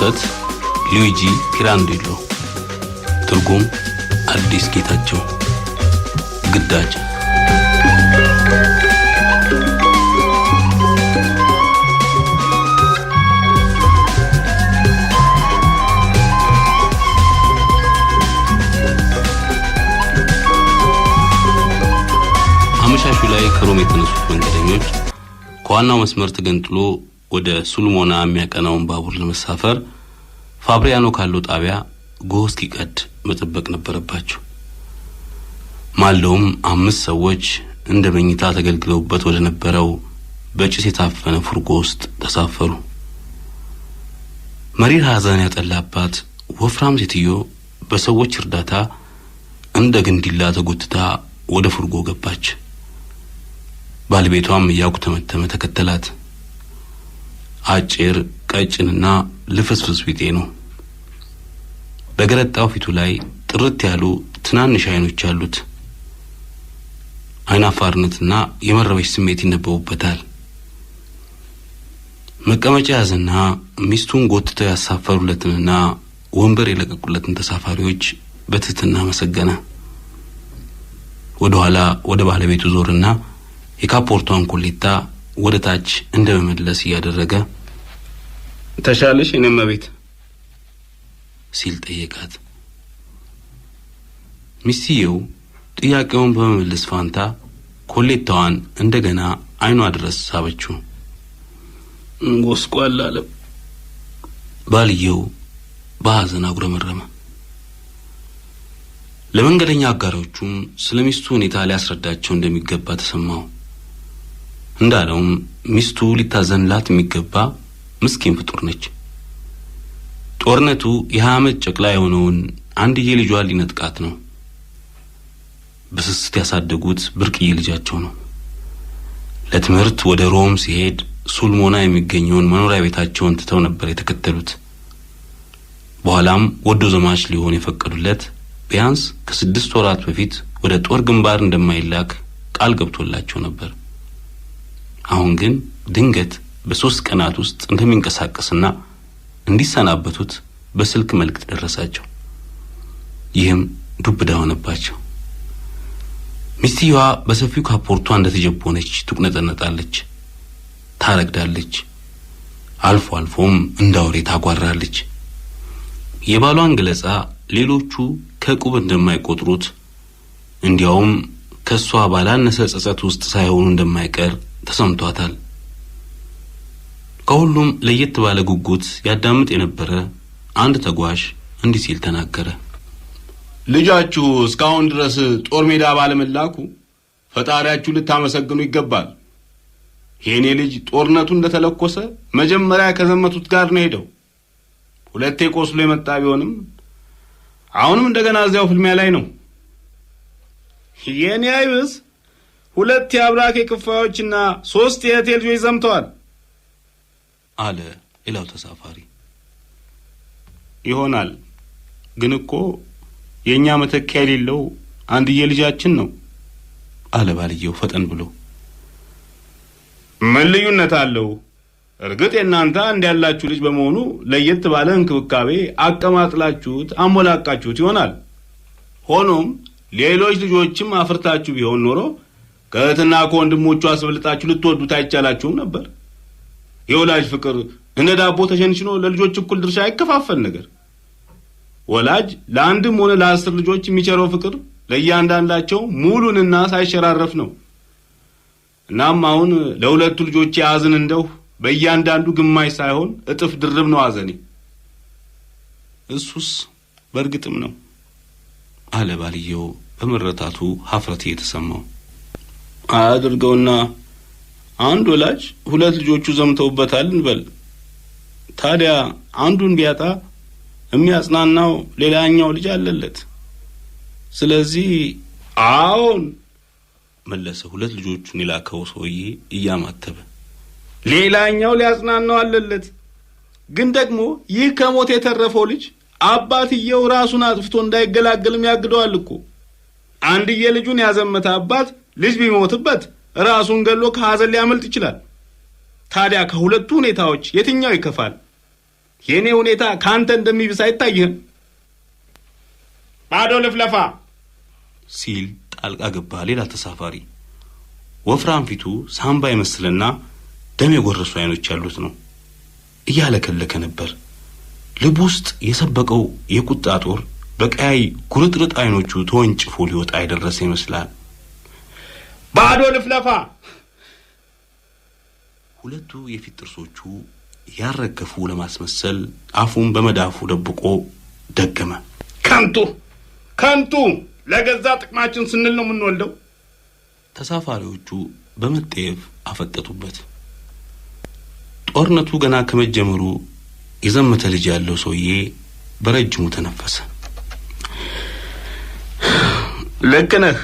ድርሰት ሉዊጂ ፒራንዴሎ፣ ትርጉም አዲስ ጌታቸው። ግዳጅ አመሻሹ ላይ ከሮም የተነሱት መንገደኞች ከዋናው መስመር ተገንጥሎ ወደ ሱልሞና የሚያቀናውን ባቡር ለመሳፈር ፋብሪያኖ ካለው ጣቢያ ጎህ እስኪቀድ መጠበቅ ነበረባቸው። ማለውም አምስት ሰዎች እንደ መኝታ ተገልግለውበት ወደ ነበረው በጭስ የታፈነ ፉርጎ ውስጥ ተሳፈሩ። መሪር ሐዘን ያጠላባት ወፍራም ሴትዮ በሰዎች እርዳታ እንደ ግንዲላ ተጎትታ ወደ ፉርጎ ገባች። ባለቤቷም እያኩ ተመተመ ተከተላት። አጭር ቀጭንና ልፍስፍስ ቢጤ ነው። በገረጣው ፊቱ ላይ ጥርት ያሉ ትናንሽ አይኖች አሉት። አይናፋርነትና የመረበሽ ስሜት ይነበቡበታል። መቀመጫ ያዘና ሚስቱን ጎትተው ያሳፈሩለትንና ወንበር የለቀቁለትን ተሳፋሪዎች በትህትና መሰገነ። ወደ ኋላ ወደ ባለቤቱ ዞርና የካፖርቷን ኮሌታ ወደ ታች እንደ መመለስ እያደረገ ተሻለሽ የኔ እመቤት ሲል ጠየቃት። ሚስትየው ጥያቄውን በመመለስ ፋንታ ኮሌታዋን እንደገና አይኗ ድረስ ሳበችው። ጎስቋል አለ ባልየው በሐዘን አጉረመረመ። ለመንገደኛ አጋሮቹም ስለ ሚስቱ ሁኔታ ሊያስረዳቸው እንደሚገባ ተሰማው። እንዳለውም ሚስቱ ሊታዘንላት የሚገባ ምስኪን ፍጡር ነች። ጦርነቱ የሀያ ዓመት ጨቅላ የሆነውን አንድዬ ልጇን ሊነጥቃት ነው። በስስት ያሳደጉት ብርቅዬ ልጃቸው ነው። ለትምህርት ወደ ሮም ሲሄድ ሱልሞና የሚገኘውን መኖሪያ ቤታቸውን ትተው ነበር የተከተሉት። በኋላም ወዶ ዘማች ሊሆን የፈቀዱለት ቢያንስ ከስድስት ወራት በፊት ወደ ጦር ግንባር እንደማይላክ ቃል ገብቶላቸው ነበር። አሁን ግን ድንገት በሦስት ቀናት ውስጥ እንደሚንቀሳቀስና እንዲሰናበቱት በስልክ መልእክት ደረሳቸው። ይህም ዱብ እዳ ሆነባቸው። ሚስትየዋ በሰፊው ካፖርቷ እንደተጀቦነች ትቁነጠነጣለች፣ ታረግዳለች፣ አልፎ አልፎም እንዳውሬ ታጓራለች። የባሏን ገለጻ ሌሎቹ ከቁብ እንደማይቆጥሩት እንዲያውም ከእሷ ባላነሰ ጸጸት ውስጥ ሳይሆኑ እንደማይቀር ተሰምቷታል። ከሁሉም ለየት ባለ ጉጉት ያዳምጥ የነበረ አንድ ተጓዥ እንዲህ ሲል ተናገረ። ልጃችሁ እስካሁን ድረስ ጦር ሜዳ ባለመላኩ ፈጣሪያችሁ ልታመሰግኑ ይገባል። የእኔ ልጅ ጦርነቱ እንደተለኮሰ መጀመሪያ ከዘመቱት ጋር ነው ሄደው፣ ሁለቴ ቆስሎ የመጣ ቢሆንም አሁንም እንደገና እዚያው ፍልሚያ ላይ ነው። የእኔ አይብስ ሁለት የአብራኬ ክፋዮችና ሦስት የእቴ ልጆች ዘምተዋል። አለ ሌላው ተሳፋሪ። ይሆናል ግን እኮ የእኛ መተኪያ የሌለው አንድዬ ልጃችን ነው አለ ባልየው ፈጠን ብሎ። ምን ልዩነት አለው? እርግጥ የእናንተ አንድ ያላችሁ ልጅ በመሆኑ ለየት ባለ እንክብካቤ አቀማጥላችሁት፣ አሞላቃችሁት ይሆናል። ሆኖም ሌሎች ልጆችም አፍርታችሁ ቢሆን ኖሮ ከእህትና ከወንድሞቹ አስበልጣችሁ ልትወዱት አይቻላችሁም ነበር። የወላጅ ፍቅር እንደ ዳቦ ተሸንሽኖ ለልጆች እኩል ድርሻ አይከፋፈል ነገር። ወላጅ ለአንድም ሆነ ለአስር ልጆች የሚቸረው ፍቅር ለእያንዳንዳቸው ሙሉንና ሳይሸራረፍ ነው። እናም አሁን ለሁለቱ ልጆች የያዝን እንደው በእያንዳንዱ ግማሽ ሳይሆን እጥፍ ድርብ ነው አዘኔ። እሱስ በእርግጥም ነው አለ ባልየው በመረታቱ ሀፍረት የተሰማው አድርገውና አንድ ወላጅ ሁለት ልጆቹ ዘምተውበታል እንበል። ታዲያ አንዱን ቢያጣ የሚያጽናናው ሌላኛው ልጅ አለለት። ስለዚህ አዎን መለሰ ሁለት ልጆቹን የላከው ሰውዬ እያማተበ። ሌላኛው ሊያጽናናው አለለት። ግን ደግሞ ይህ ከሞት የተረፈው ልጅ አባትየው ራሱን አጥፍቶ እንዳይገላገልም ያግደዋል እኮ። አንድዬ ልጁን ያዘመተ አባት ልጅ ቢሞትበት ራሱን ገሎ ከሐዘን ሊያመልጥ ይችላል። ታዲያ ከሁለቱ ሁኔታዎች የትኛው ይከፋል? የእኔ ሁኔታ ከአንተ እንደሚብስ አይታይህም? ባዶ ልፍለፋ ሲል ጣልቃ ገባ ሌላ ተሳፋሪ። ወፍራም ፊቱ ሳምባ ይመስልና ደም የጎረሱ አይኖች ያሉት ነው። እያለከለከ ነበር። ልብ ውስጥ የሰበቀው የቁጣ ጦር በቀያይ ጉርጥርጥ አይኖቹ ተወንጭፎ ሊወጣ የደረሰ ይመስላል። ባዶ ልፍለፋ። ሁለቱ የፊት ጥርሶቹ ያረገፉ ለማስመሰል አፉን በመዳፉ ደብቆ ደገመ። ከንቱ ከንቱ፣ ለገዛ ጥቅማችን ስንል ነው የምንወልደው። ተሳፋሪዎቹ በመጠየፍ አፈጠጡበት። ጦርነቱ ገና ከመጀመሩ የዘመተ ልጅ ያለው ሰውዬ በረጅሙ ተነፈሰ። ልክ ነህ።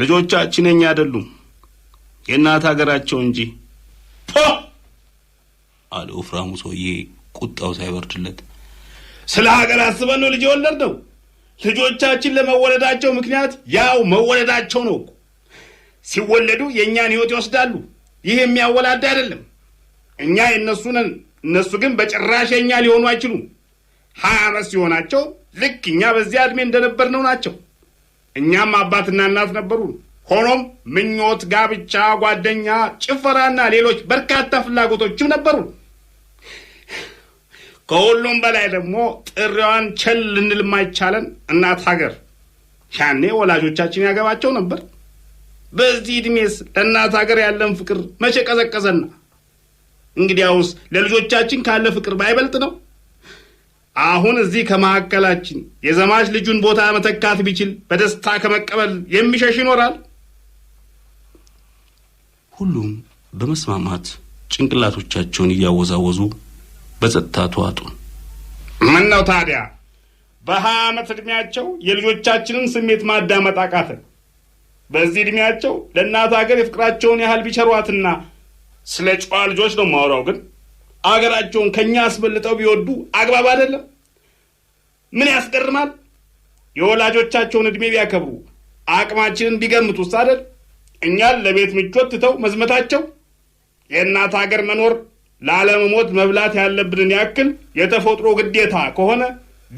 ልጆቻችን የኛ አይደሉም የእናት ሀገራቸው እንጂ አለ ወፍራሙ ሰውዬ ቁጣው ሳይበርድለት። ስለ ሀገር አስበን ነው ልጅ የወለድነው። ልጆቻችን ለመወለዳቸው ምክንያት ያው መወለዳቸው ነው። ሲወለዱ የእኛን ህይወት ይወስዳሉ። ይህ የሚያወላድ አይደለም። እኛ የእነሱ ነን። እነሱ ግን በጭራሽ የእኛ ሊሆኑ አይችሉም። ሀያ አመት ሲሆናቸው ልክ እኛ በዚያ እድሜ እንደነበርነው ናቸው። እኛም አባትና እናት ነበሩን። ሆኖም ምኞት፣ ጋብቻ፣ ጓደኛ፣ ጭፈራና ሌሎች በርካታ ፍላጎቶችም ነበሩን። ከሁሉም በላይ ደግሞ ጥሪዋን ቸል ልንል ማይቻለን እናት ሀገር። ያኔ ወላጆቻችን ያገባቸው ነበር። በዚህ እድሜስ ለእናት ሀገር ያለን ፍቅር መቼ ቀዘቀዘና? እንግዲያውስ ለልጆቻችን ካለ ፍቅር ባይበልጥ ነው። አሁን እዚህ ከማዕከላችን የዘማች ልጁን ቦታ መተካት ቢችል በደስታ ከመቀበል የሚሸሽ ይኖራል? ሁሉም በመስማማት ጭንቅላቶቻቸውን እያወዛወዙ በጸጥታ ተዋጡ። ምን ነው ታዲያ በሀያ ዓመት ዕድሜያቸው የልጆቻችንን ስሜት ማዳመጥ አቃተ። በዚህ ዕድሜያቸው ለእናት ሀገር የፍቅራቸውን ያህል ቢቸሯትና ስለ ጨዋ ልጆች ነው ማውራው ግን አገራቸውን ከኛ አስበልጠው ቢወዱ አግባብ አይደለም። ምን ያስገርማል? የወላጆቻቸውን ዕድሜ ቢያከብሩ አቅማችንን ቢገምቱ ውስጥ አይደል እኛን ለቤት ምቾት ትተው መዝመታቸው የእናት ሀገር መኖር ላለመሞት መብላት ያለብንን ያክል የተፈጥሮ ግዴታ ከሆነ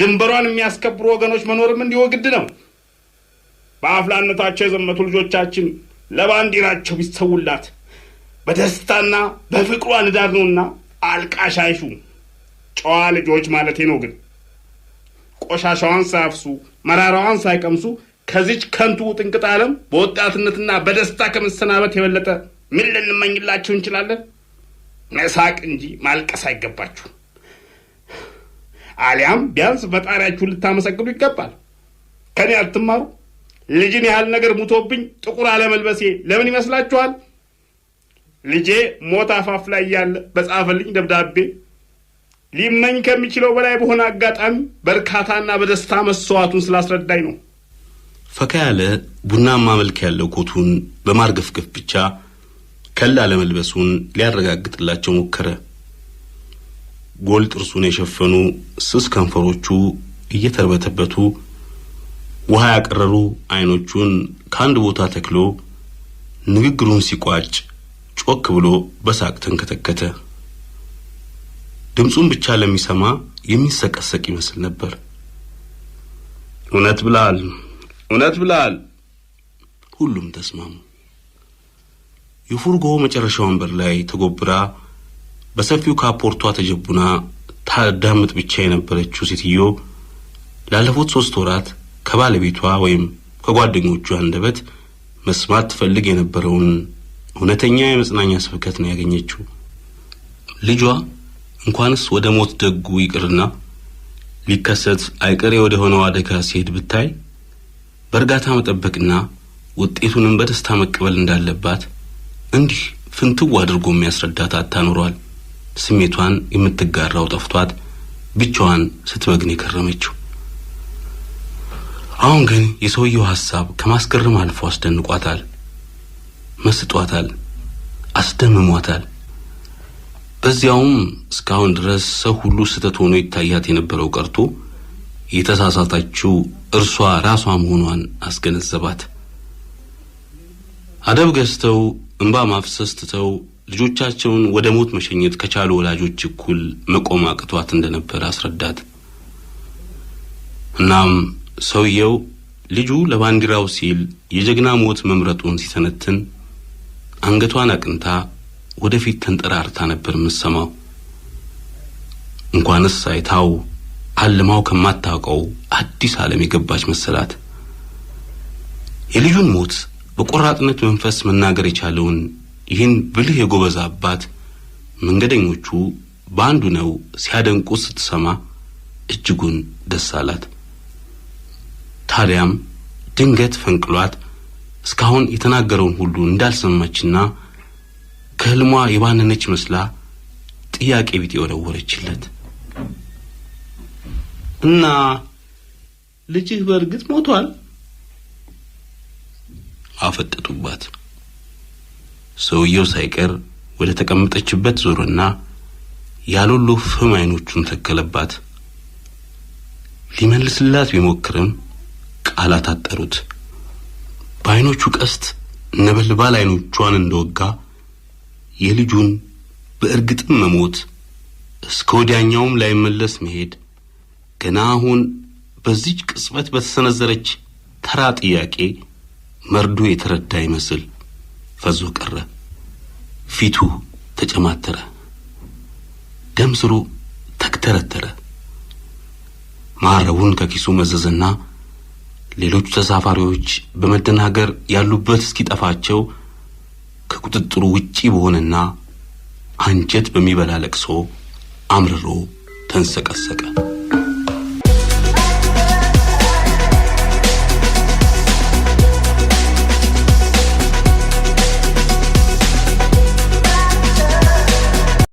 ድንበሯን የሚያስከብሩ ወገኖች መኖርም እንዲሁ ግድ ነው። በአፍላነታቸው የዘመቱ ልጆቻችን ለባንዲራቸው ቢሰውላት በደስታና በፍቅሯ ንዳድ ነውና አልቃሻይሹ ጨዋ ልጆች ማለቴ ነው። ግን ቆሻሻዋን ሳያፍሱ መራራዋን ሳይቀምሱ ከዚች ከንቱ ጥንቅጥ ዓለም በወጣትነትና በደስታ ከመሰናበት የበለጠ ምን ልንመኝላችሁ እንችላለን? መሳቅ እንጂ ማልቀስ አይገባችሁ። አሊያም ቢያንስ ፈጣሪያችሁን ልታመሰግኑ ይገባል። ከኔ አትማሩ። ልጅን ያህል ነገር ሙቶብኝ ጥቁር አለመልበሴ ለምን ይመስላችኋል? ልጄ ሞት አፋፍ ላይ ያለ በጻፈልኝ ደብዳቤ ሊመኝ ከሚችለው በላይ በሆነ አጋጣሚ በእርካታና በደስታ መስዋዕቱን ስላስረዳኝ ነው። ፈካ ያለ ቡናማ መልክ ያለው ኮቱን በማርገፍገፍ ብቻ ከላ ለመልበሱን ሊያረጋግጥላቸው ሞከረ። ጎል ጥርሱን የሸፈኑ ስስ ከንፈሮቹ እየተርበተበቱ ውሃ ያቀረሩ አይኖቹን ከአንድ ቦታ ተክሎ ንግግሩን ሲቋጭ ጮክ ብሎ በሳቅ ተንከተከተ። ድምፁን ብቻ ለሚሰማ የሚሰቀሰቅ ይመስል ነበር። እውነት ብላል፣ እውነት ብላል። ሁሉም ተስማሙ። የፉርጎ መጨረሻ ወንበር ላይ ተጎብራ በሰፊው ካፖርቷ ተጀቡና ታዳምጥ ብቻ የነበረችው ሴትዮ ላለፉት ሶስት ወራት ከባለቤቷ ወይም ከጓደኞቿ አንደበት መስማት ትፈልግ የነበረውን እውነተኛ የመጽናኛ ስብከት ነው ያገኘችው። ልጇ እንኳንስ ወደ ሞት ደጉ ይቅርና ሊከሰት አይቀሬ ወደ ሆነው አደጋ ሲሄድ ብታይ በእርጋታ መጠበቅና ውጤቱንም በደስታ መቀበል እንዳለባት እንዲህ ፍንትው አድርጎ የሚያስረዳት አታኑሯል። ስሜቷን የምትጋራው ጠፍቷት ብቻዋን ስትመግን የከረመችው። አሁን ግን የሰውየው ሀሳብ ከማስገረም አልፎ አስደንቋታል። መስጧታል፣ አስደምሟታል። በዚያውም እስካሁን ድረስ ሰው ሁሉ ስህተት ሆኖ ይታያት የነበረው ቀርቶ የተሳሳታችው እርሷ ራሷ መሆኗን አስገነዘባት። አደብ ገዝተው እንባ ማፍሰስ ትተው ልጆቻቸውን ወደ ሞት መሸኘት ከቻሉ ወላጆች እኩል መቆም አቅቷት እንደነበር አስረዳት። እናም ሰውየው ልጁ ለባንዲራው ሲል የጀግና ሞት መምረጡን ሲተነትን አንገቷን አቅንታ ወደፊት ተንጠራርታ ነበር የምትሰማው። እንኳንስ አይታው አልማው ከማታውቀው አዲስ ዓለም የገባች መሰላት። የልጁን ሞት በቆራጥነት መንፈስ መናገር የቻለውን ይህን ብልህ የጎበዝ አባት መንገደኞቹ በአንዱ ነው ሲያደንቁት ስትሰማ እጅጉን ደስ አላት። ታዲያም ድንገት ፈንቅሏት እስካሁን የተናገረውን ሁሉ እንዳልሰማችና ከህልሟ የባነነች መስላ ጥያቄ ቢጤ የወረወረችለት እና ልጅህ በእርግጥ ሞቷል? አፈጠጡባት። ሰውየው ሳይቀር ወደ ተቀመጠችበት ዞሮና ያሉሉ ፍም አይኖቹን ተከለባት። ሊመልስላት ቢሞክርም ቃላት አጠሩት። በአይኖቹ ቀስት ነበልባል አይኖቿን እንደወጋ የልጁን በእርግጥም መሞት እስከ ወዲያኛውም ላይመለስ መሄድ ገና አሁን በዚች ቅጽበት በተሰነዘረች ተራ ጥያቄ መርዶ የተረዳ ይመስል ፈዞ ቀረ። ፊቱ ተጨማተረ፣ ደም ስሩ ተክተረተረ። ማረቡን ከኪሱ መዘዝና ሌሎቹ ተሳፋሪዎች በመደናገር ያሉበት እስኪጠፋቸው ከቁጥጥሩ ውጪ በሆነና አንጀት በሚበላ ለቅሶ አምርሮ ተንሰቀሰቀ።